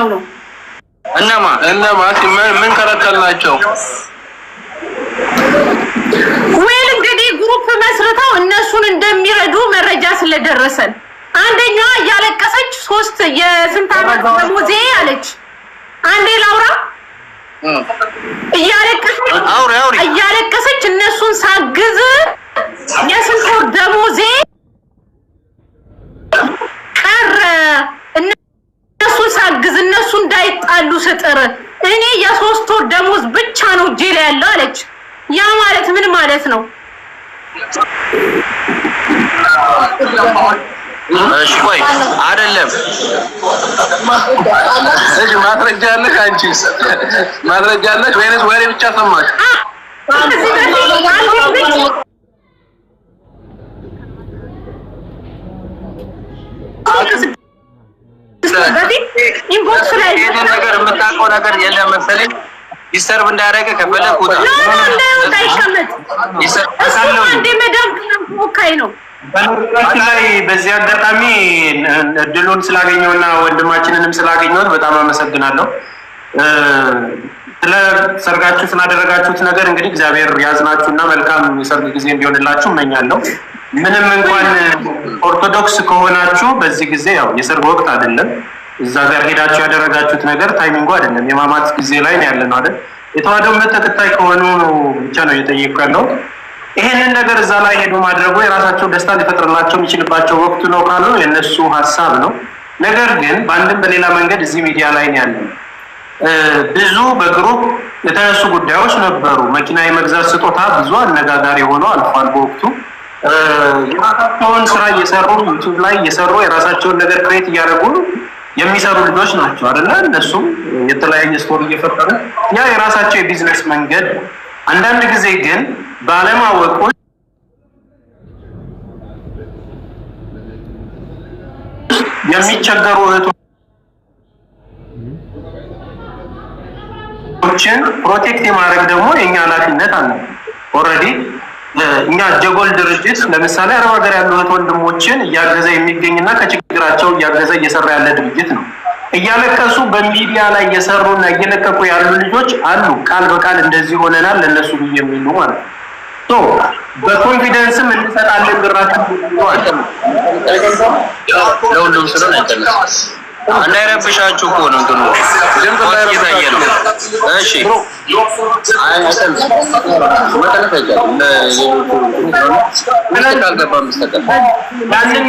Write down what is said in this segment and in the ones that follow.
ነው ነው። እነማ እነማ ምን ከለከልናቸው? ወይል እንግዲህ ግሩፕ መስርተው እነሱን እንደሚረዱ መረጃ ስለደረሰን አንደኛዋ እያለቀሰች ሶስት የስንት አመት ደሞዜ አለች። አንዴ ላውራ እያለቀሰች እያለቀሰች እነሱን ሳግዝ በስተቀር እኔ የሶስት ወር ደሞዝ ብቻ ነው እጄ ላይ ያለው አለች። ያ ማለት ምን ማለት ነው? እሺ ቆይ አይደለም እሺ፣ ማስረጃ አለሽ አንቺ? ማስረጃ አለሽ ወይስ ወሬ ብቻ ሰማሽ? ነገር የምታውቀው ነገር የለም መሰለኝ። ዲስተርብ እንዳደረገ ነው። በዚህ አጋጣሚ እድሉን ስላገኘውና ወንድማችንንም ስላገኘሁት በጣም አመሰግናለሁ። ስለ ሰርጋችሁ ስላደረጋችሁት ነገር እንግዲህ እግዚአብሔር ያዝናችሁና መልካም የሰርግ ጊዜ እንዲሆንላችሁ እመኛለሁ። ምንም እንኳን ኦርቶዶክስ ከሆናችሁ በዚህ ጊዜ ያው የሰርግ ወቅት አይደለም። እዛ ጋር ሄዳችሁ ያደረጋችሁት ነገር ታይሚንጉ አይደለም። የማማት ጊዜ ላይ ያለ ነው አይደል? የተዋህዶ እምነት ተከታይ ከሆኑ ብቻ ነው እየጠየቁ ያለው። ይሄንን ነገር እዛ ላይ ሄዱ ማድረጉ የራሳቸው ደስታ ሊፈጥርላቸው የሚችልባቸው ወቅቱ ነው ካሉ የእነሱ ሀሳብ ነው። ነገር ግን በአንድም በሌላ መንገድ እዚህ ሚዲያ ላይ ያለ ብዙ በግሩፕ የተነሱ ጉዳዮች ነበሩ። መኪና የመግዛት ስጦታ ብዙ አነጋጋሪ ሆኖ አልፏል በወቅቱ የራሳቸውን ስራ እየሰሩ ዩቱብ ላይ እየሰሩ የራሳቸውን ነገር ክሬት እያደረጉ የሚሰሩ ልጆች ናቸው አደለ? እነሱም የተለያየ ስቶሪ እየፈጠሩ ያ የራሳቸው የቢዝነስ መንገድ። አንዳንድ ጊዜ ግን ባለማወቆች የሚቸገሩ እህቶችን ፕሮቴክት የማድረግ ደግሞ የኛ ኃላፊነት አለ ኦልሬዲ እኛ ጀጎል ድርጅት ለምሳሌ አረብ ሀገር ያሉ እህት ወንድሞችን እያገዘ የሚገኝና ከችግራቸው እያገዘ እየሰራ ያለ ድርጅት ነው። እያለቀሱ በሚዲያ ላይ እየሰሩና እየለቀቁ ያሉ ልጆች አሉ። ቃል በቃል እንደዚህ ሆነናል ለእነሱ ብዬ የሚሉ ማለት ነው። በኮንፊደንስም እንሰጣለን ብራችሁ ለሁሉም ስለ እንዳይረብሻችሁ እኮ ነው እንትኑ እየታየ ነው። እሺ ያንን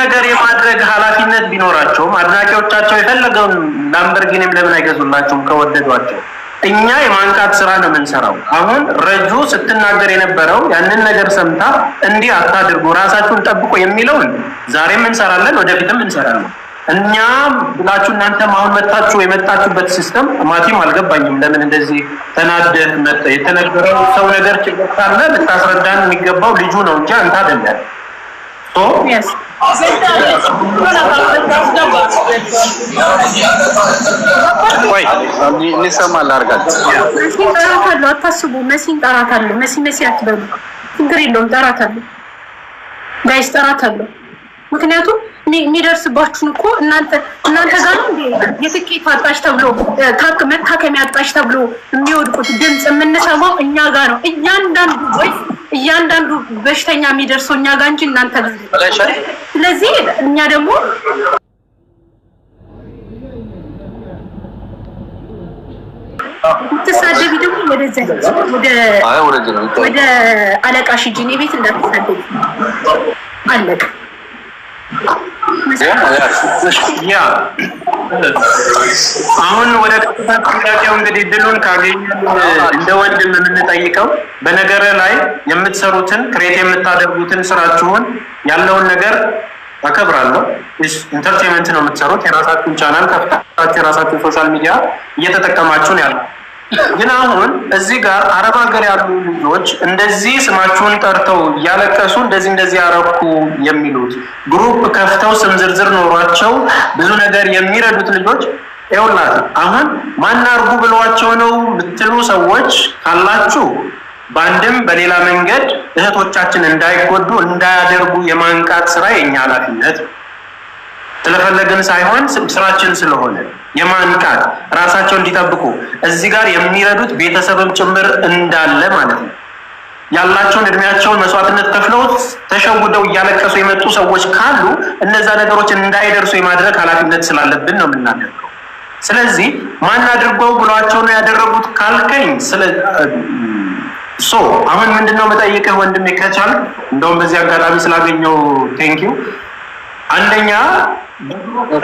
ነገር የማድረግ ኃላፊነት ቢኖራቸውም አድናቂዎቻቸው የፈለገውን ላምበርጊኒም ለምን አይገዙላቸውም ከወደዷቸው? እኛ የማንቃት ስራ ነው የምንሰራው። አሁን ረጁ ስትናገር የነበረው ያንን ነገር ሰምታ እንዲህ አታድርጉ፣ ራሳችሁን ጠብቆ የሚለውን ዛሬም እንሰራለን፣ ወደፊትም እንሰራለን። እኛ ብላችሁ እናንተም አሁን መታችሁ የመጣችሁበት ሲስተም ማቲም አልገባኝም። ለምን እንደዚህ ተናደህ መጠ የተነገረው ሰው ነገር ችግር ካለ ልታስረዳን የሚገባው ልጁ ነው እንጂ አንተ አይደለም። ሰማ ጠራታለሁ። አታስቡ፣ መሲን ጠራታለሁ። መሲ መሲ አትበሉ፣ ችግር የለውም። ጠራታለሁ ጋይስ፣ ጠራታለሁ ምክንያቱም የሚደርስባችሁን እኮ እናንተ እናንተ ጋር ነው እንዴ የስኬት አጣሽ ተብሎ ታክ መታከሚያ አጣሽ ተብሎ የሚወድቁት ድምፅ የምንሰማው እኛ ጋር ነው። እያንዳንዱ ወይ እያንዳንዱ በሽተኛ የሚደርሰው እኛ ጋር እንጂ እናንተ ጋር። ስለዚህ እኛ ደግሞ የምትሳደቢ ደግሞ ወደዚያ ወደ አለቃሽ ሂጂ፣ እኔ ቤት እንዳትሳደቢ አለቀ። አሁን ወደ ቀጥታ ጥያቄው እንግዲህ ድሉን ካገኘን እንደ ወንድም የምንጠይቀው በነገር ላይ የምትሰሩትን ክሬት የምታደርጉትን ስራችሁን ያለውን ነገር አከብራለሁ። ኢንተርቴንመንት ነው የምትሰሩት፣ የራሳችሁን ቻናል ከፍታችሁ የራሳችሁን ሶሻል ሚዲያ እየተጠቀማችሁን ያለው ግን አሁን እዚህ ጋር አረብ ሀገር ያሉ ልጆች እንደዚህ ስማችሁን ጠርተው እያለቀሱ እንደዚህ እንደዚህ ያረኩ የሚሉት ግሩፕ ከፍተው ስም ዝርዝር ኖሯቸው ብዙ ነገር የሚረዱት ልጆች ይውላት አሁን ማን አርጉ ብለዋቸው ነው የምትሉ ሰዎች ካላችሁ በአንድም በሌላ መንገድ እህቶቻችን እንዳይጎዱ እንዳያደርጉ የማንቃት ስራ የኛ ኃላፊነት ስለፈለግን ሳይሆን ስራችን ስለሆነ የማንቃት ራሳቸው እንዲጠብቁ እዚህ ጋር የሚረዱት ቤተሰብም ጭምር እንዳለ ማለት ነው። ያላቸውን እድሜያቸውን መስዋዕትነት ከፍለው ተሸውደው እያለቀሱ የመጡ ሰዎች ካሉ እነዛ ነገሮች እንዳይደርሱ የማድረግ ኃላፊነት ስላለብን ነው የምናደርገው። ስለዚህ ማን አድርገው ብሏቸው ነው ያደረጉት ካልከኝ ሶ አሁን ምንድነው መጠየቅህ ወንድሜ ከቻል እንደውም በዚህ አጋጣሚ ስላገኘው ቴንኪው አንደኛ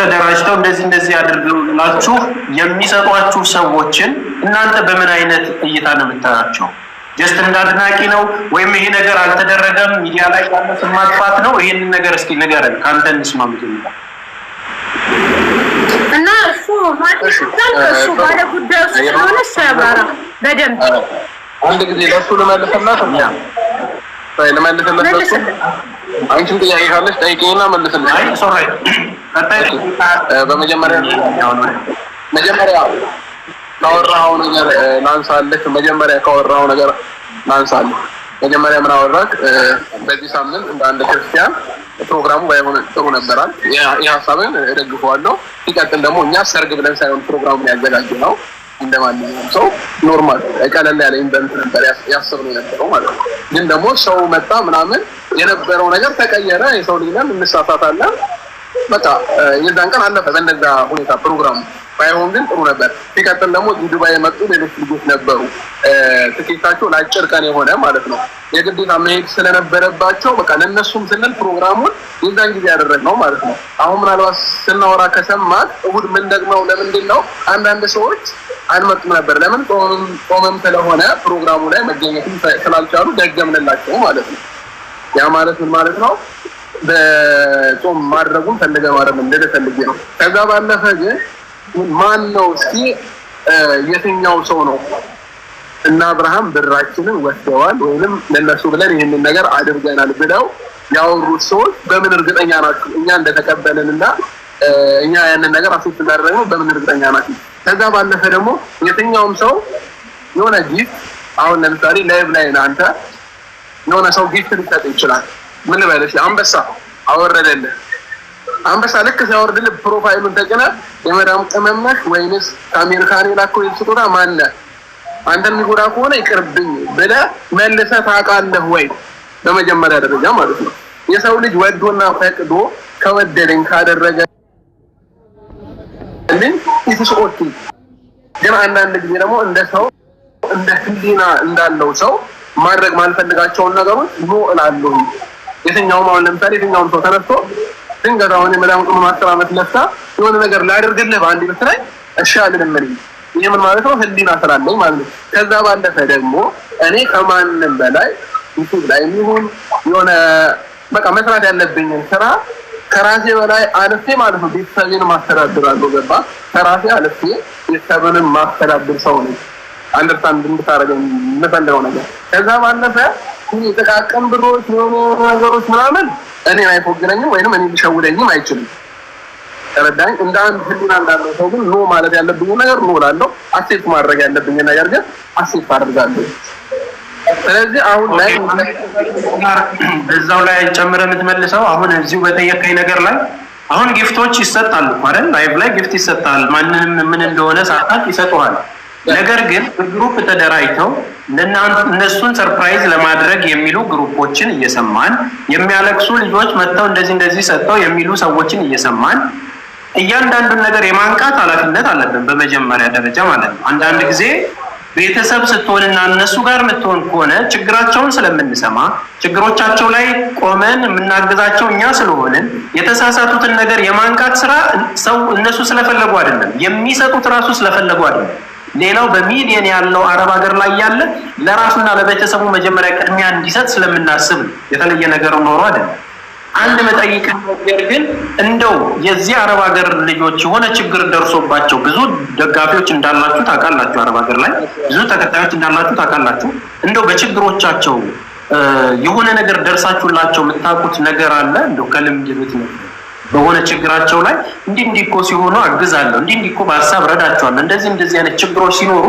ተደራጅተው እንደዚህ እንደዚህ ያደርግላችሁ የሚሰጧችሁ ሰዎችን እናንተ በምን አይነት እይታ ነው የምታያቸው? ጀስት እንደ አድናቂ ነው ወይም ይሄ ነገር አልተደረገም ሚዲያ ላይ ያለ ስም ማጥፋት ነው? ይህንን ነገር እስኪ ንገረን፣ ከአንተ እንስማምት የሚባል እና እሱ ማእሱ ባለ ጉዳዩ ስለሆነ እሱ ያብራራ በደንብ አንድ ጊዜ ለሱ ልመልስላት ልመልስለት ለሱ አንቺም ጥያቄ ካለሽ ጠይቂኝና መልስልሽ። በመጀመሪያ መጀመሪያ ነገር መጀመሪያ ካወራኸው ነገር ላንሳልህ። መጀመሪያ ምን አወራህ? በዚህ ሳምንት እንደ አንድ ክርስቲያን ፕሮግራሙ ባይሆን ጥሩ ነበራል። ይህ ሀሳብን እደግፈዋለሁ። ሲቀጥል ደግሞ እኛ ሰርግ ብለን ሳይሆን ፕሮግራሙን ያዘጋጀ ነው ሰው ኖርማል ቀለል ያለ ኢንቨንት ነበር ያስብነው የነበረው ማለት ነው። ግን ደግሞ ሰው መጣ ምናምን የነበረው ነገር ተቀየረ። የሰው ልጅ ነን እንሳሳታለን በቃ የዛን ቀን አለፈ በእንደዛ ሁኔታ ፕሮግራሙ። ባይሆን ግን ጥሩ ነበር። ሲቀጥል ደግሞ ዱባይ የመጡ ሌሎች ልጆች ነበሩ። ትኬታቸው ለአጭር ቀን የሆነ ማለት ነው። የግዴታ መሄድ ስለነበረባቸው በቃ ለእነሱም ስንል ፕሮግራሙን የዛን ጊዜ ያደረግነው ማለት ነው። አሁን ምናልባት ስናወራ ከሰማት እሁድ ምን ደግመው ለምንድን ነው አንዳንድ ሰዎች አንመጡም ነበር። ለምን ጾምም ስለሆነ ፕሮግራሙ ላይ መገኘትም ስላልቻሉ ደገምንላቸው ማለት ነው። ያ ማለት ምን ማለት ነው? በጾም ማድረጉም ፈልገ ማድረግ ነው። ነው። ከዛ ባለፈ ግን ማን ነው እስኪ የትኛው ሰው ነው እና አብርሃም ብራችንን ወስደዋል ወይንም ለነሱ ብለን ይህንን ነገር አድርገናል ብለው ያወሩት ሰዎች በምን እርግጠኛ ናቸው? እኛ እንደተቀበልን እና እኛ ያንን ነገር አሴት እንዳደረግነው በምን እርግጠኛ ናቸው። ከዛ ባለፈ ደግሞ የትኛውም ሰው የሆነ ጊፍት አሁን ለምሳሌ ላይቭ ላይ አንተ የሆነ ሰው ጊፍት ሊሰጥ ይችላል ምን በለሽ አንበሳ አወረደልህ። አንበሳ ልክ ሲያወርድልህ ፕሮፋይሉን ተጭነህ የመዳም ቅመመሽ ወይንስ ከአሜሪካን የላከው ስጦታ ማነ አንተ የሚጎዳ ከሆነ ይቅርብኝ ብለህ መልሰህ ታውቃለህ ወይ? በመጀመሪያ ደረጃ ማለት ነው። የሰው ልጅ ወዶና ፈቅዶ ከወደደኝ ካደረገልኝ ይስቆቱ። ግን አንዳንድ ጊዜ ደግሞ እንደ ሰው እንደ ህሊና እንዳለው ሰው ማድረግ ማልፈልጋቸውን ነገሮች ኖ እላለሁ። የትኛውም አሁን ለምሳሌ የትኛውም ሰው ተነስቶ ድንገት አሁን የመዳም ቅመም አስር ለሳ የሆነ ነገር ላድርግልህ በአንድ ብት ላይ እሺ አልልም። ይህ ምን ማለት ነው? ህሊና ስላለኝ ማለት ነው። ከዛ ባለፈ ደግሞ እኔ ከማንም በላይ ዩቱብ ላይ የሚሆን የሆነ በቃ መስራት ያለብኝን ስራ ከራሴ በላይ አልፌ ማለት ነው ቤተሰብን ማስተዳድራለሁ። ገባ? ከራሴ አልፌ ቤተሰብንም ማስተዳድር ሰው ነኝ። አንደርስታንድ እንድታደረገ የምፈልገው ነገር ከዛ ባለፈ ጥቃቅን ብሮች የሆኑ ነገሮች ምናምን እኔ አይፎግረኝም ወይም እኔ ሊሸውደኝም አይችልም። ተረዳኝ። እንደ አንድ ህሊና እንዳለው ሰው ግን ኖ ማለት ያለብኝ ነገር ኖ ላለው፣ አክሴፕት ማድረግ ያለብኝ ነገር ግን አክሴፕት አድርጋለሁ። ስለዚህ አሁን ላይ እዛው ላይ ጨምረ የምትመልሰው አሁን እዚሁ በጠየቀኝ ነገር ላይ አሁን ጊፍቶች ይሰጣሉ አይደል? ላይቭ ላይ ጊፍት ይሰጣል። ማንንም ምን እንደሆነ ሳታቅ ይሰጡሃል። ነገር ግን ግሩፕ ተደራጅተው እነሱን ሰርፕራይዝ ለማድረግ የሚሉ ግሩፖችን እየሰማን የሚያለቅሱ ልጆች መጥተው እንደዚህ እንደዚህ ሰጥተው የሚሉ ሰዎችን እየሰማን እያንዳንዱን ነገር የማንቃት ኃላፊነት አለብን፣ በመጀመሪያ ደረጃ ማለት ነው። አንዳንድ ጊዜ ቤተሰብ ስትሆንና እነሱ ጋር የምትሆን ከሆነ ችግራቸውን ስለምንሰማ ችግሮቻቸው ላይ ቆመን የምናግዛቸው እኛ ስለሆንን የተሳሳቱትን ነገር የማንቃት ስራ ሰው እነሱ ስለፈለጉ አይደለም፣ የሚሰጡት ራሱ ስለፈለጉ አይደለም ሌላው በሚሊየን ያለው አረብ ሀገር ላይ ያለ ለራሱና ለቤተሰቡ መጀመሪያ ቅድሚያ እንዲሰጥ ስለምናስብ የተለየ ነገር ኖሮ አይደለም። አንድ መጠይቅ ነገር ግን እንደው የዚህ አረብ ሀገር ልጆች የሆነ ችግር ደርሶባቸው ብዙ ደጋፊዎች እንዳላችሁ ታውቃላችሁ፣ አረብ ሀገር ላይ ብዙ ተከታዮች እንዳላችሁ ታውቃላችሁ። እንደው በችግሮቻቸው የሆነ ነገር ደርሳችሁላቸው የምታውቁት ነገር አለ እንደው ከልምድ ቤት ነው በሆነ ችግራቸው ላይ እንዲህ እንዲህ እኮ ሲሆኑ አግዛለሁ፣ እንዲህ እንዲህ እኮ በሀሳብ ረዳቸዋለሁ፣ እንደዚህ እንደዚህ አይነት ችግሮች ሲኖሩ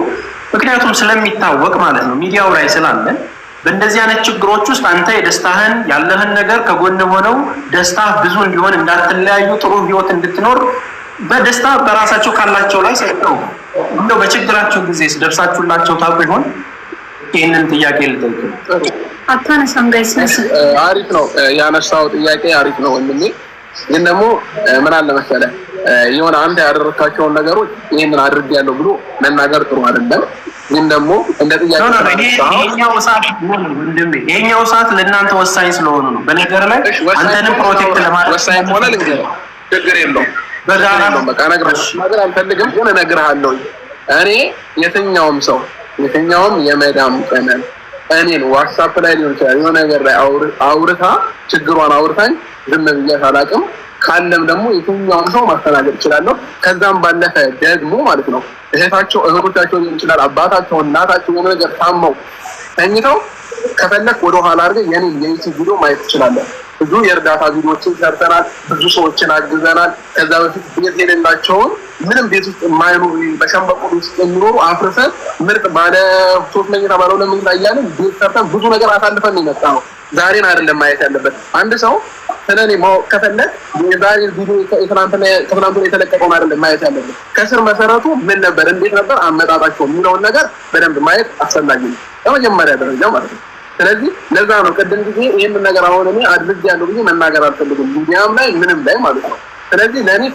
ምክንያቱም ስለሚታወቅ ማለት ነው ሚዲያው ላይ ስላለን በእንደዚህ አይነት ችግሮች ውስጥ አንተ የደስታህን ያለህን ነገር ከጎን ሆነው ደስታ ብዙ እንዲሆን እንዳትለያዩ ጥሩ ህይወት እንድትኖር በደስታ በራሳቸው ካላቸው ላይ ሰጠው እንደው በችግራቸው ጊዜ ደርሳችሁላቸው ታውቁ ይሆን? ይህንን ጥያቄ ልጠይቅ። አታነሳም ጋይስ? አሪፍ ነው ያነሳው ጥያቄ አሪፍ ነው ወንድሜ። ግን ደግሞ ምን አለ መሰለ የሆነ አንተ ያደረካቸውን ነገሮች ይህንን ያለው ብሎ መናገር ጥሩ አይደለም። ግን ደግሞ እንደ ጥያቄ የኛው ሰዓት ለእናንተ ወሳኝ ስለሆኑ ነው። በነገር ላይ አንተንም ፕሮቴክት ለማድረግ ወሳኝ ሆነ ልንገርህ፣ ችግር የለውም በጋራ በቃ ነገር አልፈልግም ግን እነግርሃለሁ። እኔ የትኛውም ሰው የትኛውም የመዳም ቀመን እኔን ዋትሳፕ ላይ ሊሆን ይችላል የሆነ ነገር ላይ አውርታ ችግሯን አውርታኝ ዝም ብያት ካለም ደግሞ የትኛውን ሰው ማስተናገድ ይችላለሁ ከዛም ባለፈ ደግሞ ማለት ነው እህታቸው እህቶቻቸው ሊሆን ይችላል አባታቸው፣ እናታቸው የሆነ ነገር ታመው ተኝተው ከፈለክ ወደኋላ አድርገህ የኔን የዩቲዩብ ቪዲዮ ማየት ትችላለህ። ብዙ የእርዳታ ቪዲዮችን ሰርተናል። ብዙ ሰዎችን አግዘናል። ከዛ በፊት ቤት የሌላቸውን ምንም ቤት ውስጥ የማይኖሩ በሸንበቆ ውስጥ የሚኖሩ አፍርሰን ምርጥ ባለ ሶስት መኝታ ባለ ሁለት መኝታ እያለን ቤት ሰርተን ብዙ ነገር አሳልፈን የመጣ ነው። ዛሬን አይደለም ማየት ያለበት። አንድ ሰው ስለኔ ማወቅ ከፈለግ የዛሬ ቪዲዮ ከትናንትና የተለቀቀውን አይደለም ማየት ያለበት። ከስር መሰረቱ ምን ነበር፣ እንዴት ነበር አመጣጣቸው የሚለውን ነገር በደንብ ማየት አስፈላጊ ነው። ለመጀመሪያ ደረጃ ማለት ነው። ስለዚህ ለዛ ነው ቅድም ጊዜ ይህንን ነገር አሁን እኔ አድርግ ያለው መናገር አልፈልግም ሚዲያም ላይ ምንም ላይ ማለት ነው። ስለዚህ ለእኔ